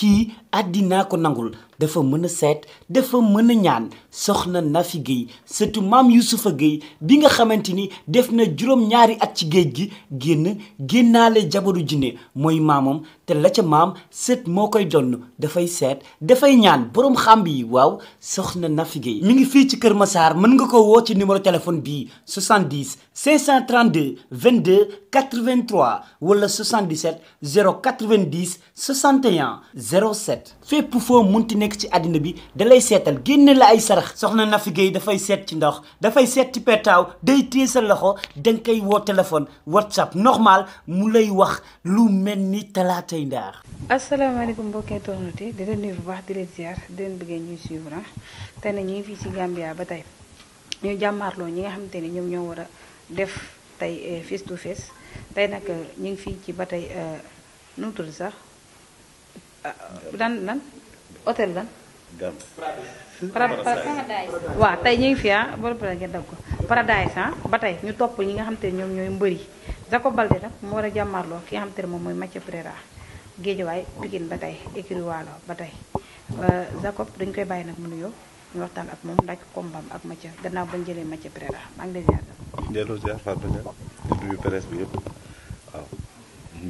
kii àddinaa ko nangul dafa mën a seet dafa mën a ñaan soxna Nafi géey surtout maam Youssoufa Guèye bi nga xamante ni def na juróom-ñaari at ci géej gi génn génnaale jabaru jinne mooy maamam te la ca maam sët moo koy donn dafay seet dafay ñaan boroom xàmb yi waaw soxna Nafi Guèye mu ngi fii ci Kër Massar mën nga ko woo ci numéro téléphone bii 70 532 22 83 wala 77 090 61 07 fépp foo munti ne nekk ci àddina bi dalay seetal génne la ay sarax soxna Nafi dafay seet ci ndox dafay seet ci petaaw day téye sa loxo danga koy woo téléphone whatsapp normal mu lay wax lu mel ni talaatay ndaar asalaamaaleykum mbokkee tournati di leen nuyu bu baax di leen ziar di leen bëggee ñuy suivre ah. te ne fii ci Gambia ba tey ñu jàmmaarloo ñi nga xamante ni ñoom ñoo war a def tey eh, face to face tey nag eh, ñu ngi fii ci ba tey eh, nu mu tudd sax ah, ah, hôtel lan. Paradise waaw tey ñu ngi fi ah borom Paradise dagg ko Paradise ba tey ñu topp ñi nga xam te ne ñoom ñooy mbëri Jacob Baldé nag moo war a jàmmarloo ki nga xam te ne moom mooy Mathieu Préra waaye Pikine ba tey écurie Waalo ba tey Jacob dañ koy bàyyi nag mu nuyoo ñu waxtaan ak moom ndax kombam ak Mathieu gannaaw bañ jëlee Mathieu Préra maa ngi lay ziar. delloo ziar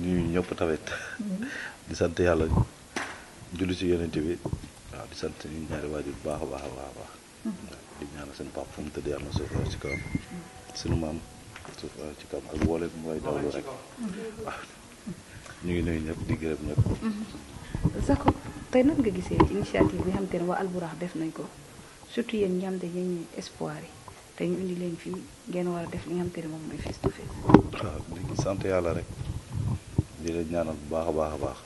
ñëpp tamit di sant yàlla. julli si yonente bi waaw di sant suñu ñaari waajur bu baax a baax a baax a baax mm-hmm. di ñaanal seen papa fu mu tëddee am na suuf ci kawam mm-hmm. suñu maam suuf ci kawam ak mooy dawlu rek mm-hmm. waaw ñu ngi nuyu ñëpp di gërëm ñëpp Sakho tey nan nga gisee ci initiative bi xam te ne waa Alburax def nañ ko surtout yéen ñi xam te yéen ñi indi leen fii ngeen war def li nga ne moom mooy face to face sant yàlla rek di leen ñaanal baax a baax a baax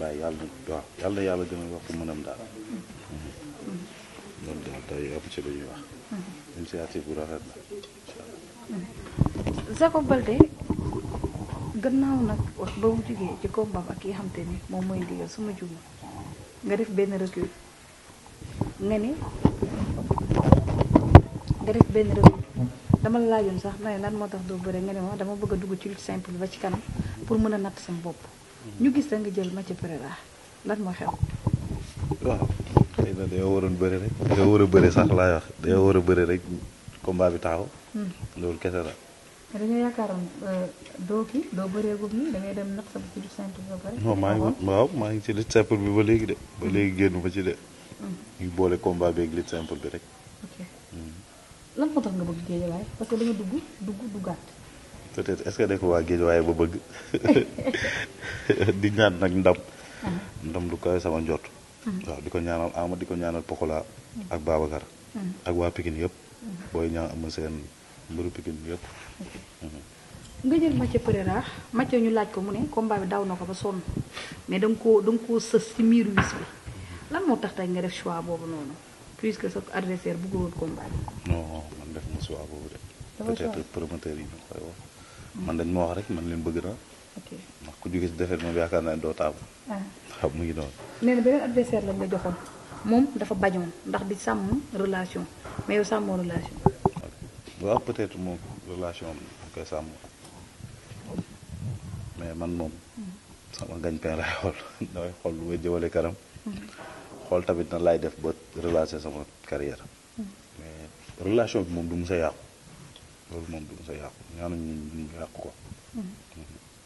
bàyyi yàlla na yàlla yàlla gën a wax ku mënam daal mm-hmm. loolu daal day ëpp ci lu ñuy wax mm-hmm. initiative mm-hmm. gannaaw nag ba mu jugee ci combat ak yi xam ni moom mooy ndigal suma juma nga def benn recul nga ni nga def benn recul dama la laajoon sax na lan moo tax doo bëre nga ne ma dama bëgg a dugg ci lutte simple ba ci kanam pour mën a natt sama bopp ñu gis la nga jël Mathieu Pereira lan moo xew. waaw xëy na dañoo waroon bëri rek dañoo war a sax laay wax dañoo war a rek combat bi taxaw. Hmm. loolu kese la. mais yaakaaroon euh, doo kii doo bëreegum nii da ngay dem nax sa ci ba pare. non maa ngi waaw maa ngi ci lutte simple bi ba léegi de ba léegi hmm. génn ba ci de. Hmm. ñu boole combat bi ak lutte simple bi rek. ok lan moo tax nga bëgg géej waaye dugg dugg duggaat. peut-être est-ce que def waa géej waaye ba bëgg di ñaan nag ndam ah. ndam lu koy sama njot ah. waaw di ko ñaanal Ama di ko ñaanal Pokola ak Babacar ah. ak waa Pikine yëpp booy ñaan ama seen mburu Pikine yëpp mhm. nga jël Mathieu Pereira Mathieu ñu laaj ko mu ne combat daw na ko ba sonn mais da nga koo da sës ci miiru wis bi mhm. lan moo tax tey nga def choix boobu noonu puisque sa adversaire bëggul woon combat bi. man def ma choix boobu de. peut-être promoteur yi ñu koy wax. man dañ ma wax rek man leen bëgg naa. ku jógee si defet moom yaakaar naa doo taamu. Ah. mu ngi noonu. nee na moom dafa bañoon ndax di sàmm relation mais yow sàmmoo relation. waaw peut-être moom relation am koy sàmm mais man moom. Hmm. sama gagne-pain laay xool damay xool lu may jëmale kanam. Hmm. xool tamit na laay def ba relancer sama carrière hmm. mais relation bi moom du mu sa yàqu. loolu moom du ma sa yàqu ñaanu ñu ñu yàqu ko.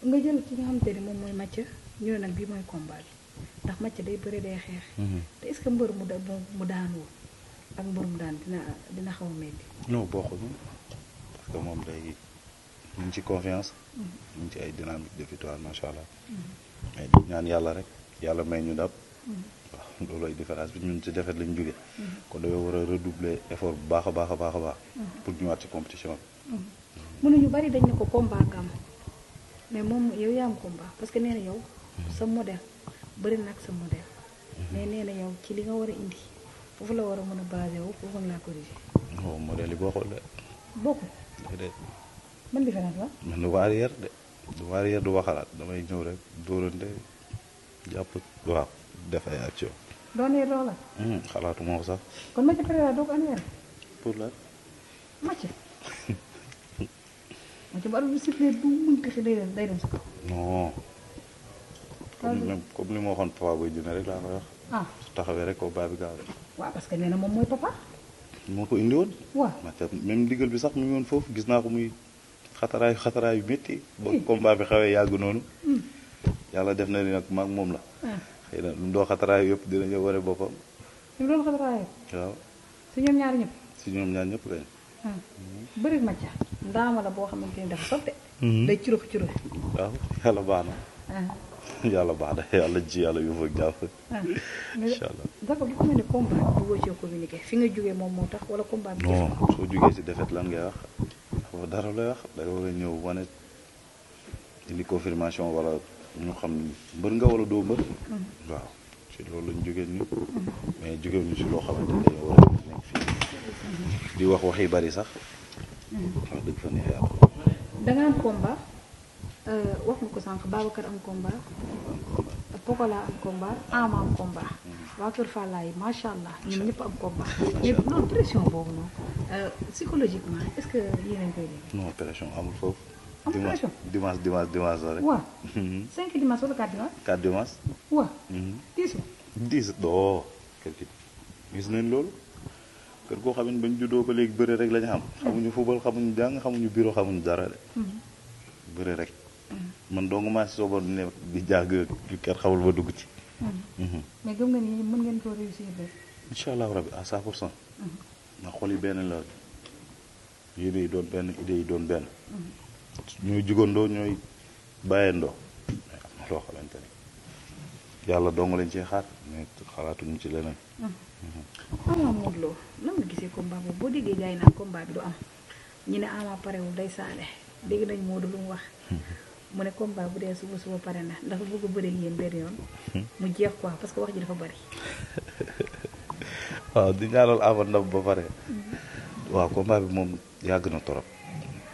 nga jël ki nga xamante ni moom mooy Mathieu ñu ne nag bii mooy combat bi ndax Mathieu day bëre day xeex. Mhm. te est ce que mbër mu da mu daanoo ak mbër mu daan dina dina xaw a metti. non bokkuñu parce que moom day ñu ngi ci confiance. Mhm. ñu ngi ci ay dynamique de victoire macha allah. Mhm. mais ñaan yàlla rek yàlla may ñu dab. waaw loolooy différence bi ñun ci defet lañ jógee. Mhm. kon dañoo war a redoubler effort bu baax a baax a baax a baax. Mhm. pour ñu ñëwaat ci compétition bi. mënuñu mhm. bari dañ ne ko combat nga am mais moom yow yaa parce que nee na yow sa modèle bëri na ak sa na yow ci li nga war a foofu la war a mën a basé wu foofu laa corrigé. waaw oh, modèle yi bokkul de. bokkul. déedéet. man du arrière xalaat du arrière du damay ñëw rek dóorante jàpp waaw. def ay action doo neer loola. Hmm, xalaatu moo ko sax. kon ma ci prévoir doo ko neer. pour la. ma ci. ma ci bu àdduna si bu mu pexe day day dem sa ko ah. baa bi mooy papa. moo ko indi woon. waaw même ndigal bi sax mu ngi woon foofu gis naa ko muy xataraayu xataraayu métti. ba combat bi xawee yàgg noonu. Hmm. yàlla def na ni nag moom la. Ah. xëy na xataraayu yëpp dina ñëw wane boppam. ñu doon xataraayu. waaw si ñoom ñaar ñëpp. si ñoom ñaar ñëpp lañ. bëri ma ca ndaama la boo xamante ni dafa sotte. Mhm. day curux curux. waaw yàlla baax na. Ah. yàlla baax na yàlla ji yàlla yóbbu ak jàpp. Ah. incha allah fi nga jógee moom moo tax wala combat bi. non soo jógee si defet lan ngay wax dara lay wax da nga war a ñëw confirmation wala. ñu xam mbër nga wala doo mbër. waaw ci loolu lañ jógee nii. mais jógee ñu si loo xam ne di wax wax bari sax. wax dëgg fa ne yàlla. da nga am euh, ko sànq Babacar am combat. Pokola am combat Ama am combat. Mm-hmm. waa Kër Falla yi macha allah am combat. mais non pression boobu noonu euh, psychologiquement est-ce que yéen a ngi pression amul foofu. dimanche dimanche dimanche dimanche la rek. waaw. 5 dimanche wala 4 dimanche. 4 dimanche. waaw. doo kër gi gis nañ loolu kër goo xam ne bañ ba léegi bëre rek la ñu xam. xamuñu football xamuñu jàng xamuñu biro xamuñu dara de. bëre rek. man dong maa si soogoon ne di jàng kër xawul ba dugg ci. mais gëm nga ni mën ngeen koo réussir rek. incha allahu rabi à 100 pour cent. ndax xol yi benn la yéene yi doon benn idée yi doon benn. ñooy jugandoo ñooy bàyyandoo mais am na loo xamante ni yàlla dong lañ cee xaar mais xalaatuñu ci leneen. Mm-hmm. Ama Modou Lo nan nga gisee boo déggee gars bi du am ñu ne Ama parewul day saale léegi nañ Modou lu mu wax. Mm-hmm. mu ne combat bu dee suba suba pare na dafa bëgg a bëri yéen benn yoon. Mm-hmm. mu jeex quoi parce que wax ji dafa bari. waaw di ñaanal Ama ndam ba pare. waaw combat bi moom yàgg na torop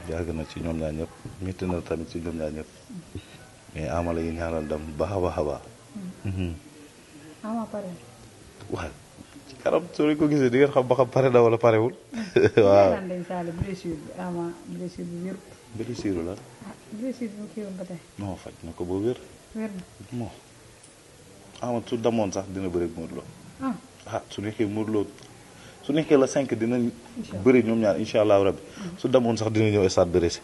yàgg na ci ñoom ñaar ñëpp métti na tamit ci ñoom ñaar ñëpp mais Ama la ñu ñaanal dem baax a baax a baax. Mm-hmm. Mm-hmm. Ama waaw ci kanam soo ko gisee di ngeen xam ba xam pare na wala parewul. Mm-hmm. waaw blessure bi Ama la. ah faj na ko ba wér. wér na moo Ama su damoon sax dina bëri Modou Lo. Ah. ah su nekkee Modou su nekkee la 5 dinañ bëri ñoom ñaar incha allah rabbi su demoon sax dina ñëw stade bëre si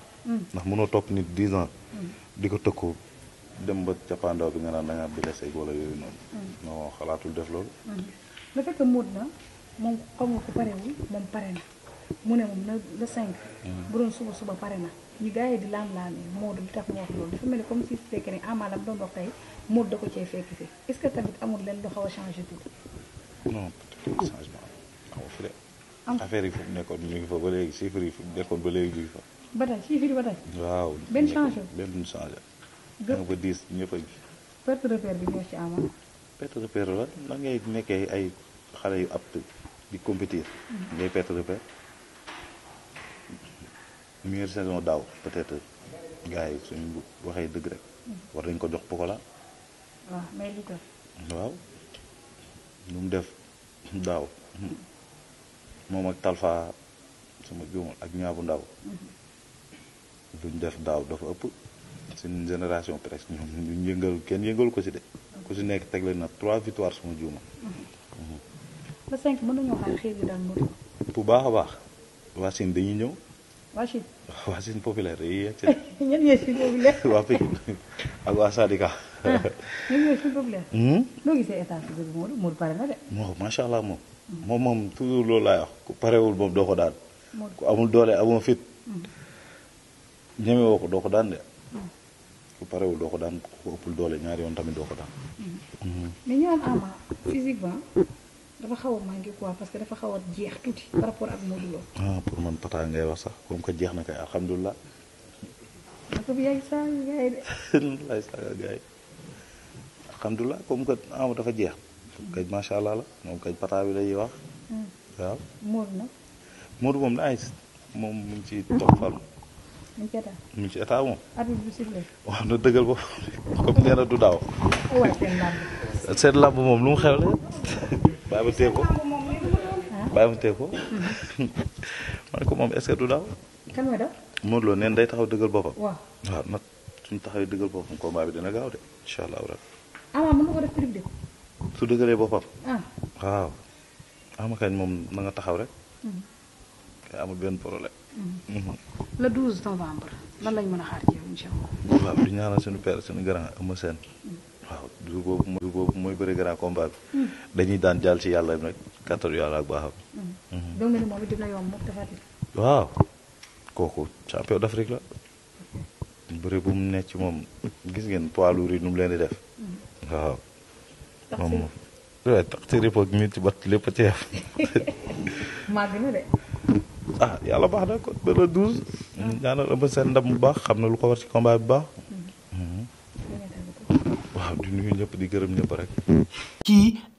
ndax mënoo topp nit 10 ans di ko ko dem ba cappaandaw bi nga naan da ngaa blessé wala yooyu noonu non xalaatul def loolu le fait que muut na moom xam nga ko parewul moom pare na mu ne moom na le mm. bu doon suba suba pare na ñu gars di laam-laamee Modou lu tax mu wax loolu dafa mel ni comme si fekkee ne ah, amul leen lu xaw a changé tuuti non peut-être changement amu fi affaire yi fu nekkoon ñu ngi fa ba léegi chiffres yi fu mu nekkoon ba léegi ñu fa. ba tey chiffres yi waaw benn changé benn changé. gë nga diis ñëpp a ji. perte repère bi ñoo ci amoon. perte repère ngay nekkee ay xale yu apte di compétir. Mm-hmm. ngay perte repère. meilleure saison daaw peut-être gars yi suñu waxee dëgg rek. Mm-hmm. war nañ ko jox Pokola. waaw nu mu def daaw. Mm-hmm. moom ak talfa suma juumul ak bu ndaw luñ def daaw dafa ëpp seen génération presque ñoom ñu yëngal kenn yëngalu ko si de ku si nekk teg na trois victoires suma juuma le baax a baax wasin Sine dañuy ñëw waa Sine waa Sine populaire yi ak waa Sadika ah, ñen ñee moo hmm? allah moom moom moom toujours loolu laay wax ku parewul moom doo ko daan ku amul doole amul fit ñeme ko doo ko daan de mm-hmm. ku parewul doo ko daan ku ëppul doole ñaar yoon tamit doo ko daan mm-hmm. Mm-hmm. mais ñu am ama dafa xaw a manqué que dafa xaw a jeex tuuti par rapport ak Modou ah, pour man pata ngay wax sax comme que jeex na kay alhamdulilah naka bi yaay dafa jeex kay macha allah la moom kay pata bi la ñuy wax. Hmm. waaw moom la moom mu ngi ci toog fal. mu ngi ci état mu ngi ci état moom. arbitre bi sifflé. waaw na dëggal ko comme nee na du daaw. waaw seen moom lu mu xewle. bàyyi ma ma téye ko. ma ko moom est du daaw. kan nga neen day taxaw dëggal boppam. waaw waaw nag suñu taxawee dëggal boppam combat bi dina gaaw de incha allah. su dëgëree boppam. Ah. waaw ama kañ moom na taxaw rek. kay mm-hmm. benn problème. Mm-hmm. Mm-hmm. le a xaar ci yow incha allah. waaw di ñaanal suñu père suñu grand Eumeu waaw jour boobu mooy boobu bëri grand combat dañuy daan jàll ci yàlla rek kàttan yàlla ak baaxam. donc nag moom waaw kooku champion d'Afrique la. bu mu nekk moom gis ngeen poids lourd nu mu leen di def. waaw. moom waaw taqsir yëpp ak minti bat lépp a ci yaf ah yàlla baax na ko ba la douze ñaanal ëmb seen ndam bu baax xam na lu ko war ci combat bu baax waaw di nuyu ñëpp di gërëm ñëpp rek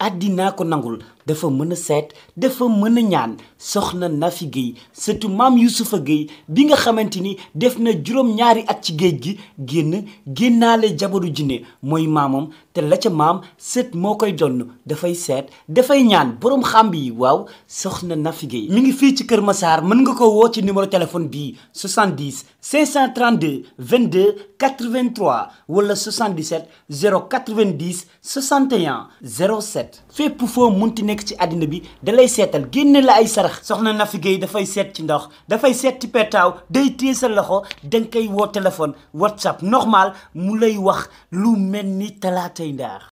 àddinaa ko nangul dafa mën a seet dafa mën a ñaan soxna Nafi Guèye surtout maam Youssoufa Guèye bi nga xamante ni def na juróom ñaari at ci géej gi génn génnaale jabaru jinne mooy maamam te la ca maam sët moo koy donn dafay seet dafay ñaan borom xàmb yi waaw soxna Nafi Guèye mi ngi fii ci Kër Massar mën nga ko woo ci numéro téléphone bii 70 532 22 83 wala 77 090 61 07 seet fépp foo ti nekk ci àddina bi dalay seetal génne la ay sarax soxna Nafi Guèye dafay seet ci ndox dafay seet ci petaaw day téye sa loxo danga koy woo téléphone whatsapp normal mu lay wax lu mel ni talaatay ndaar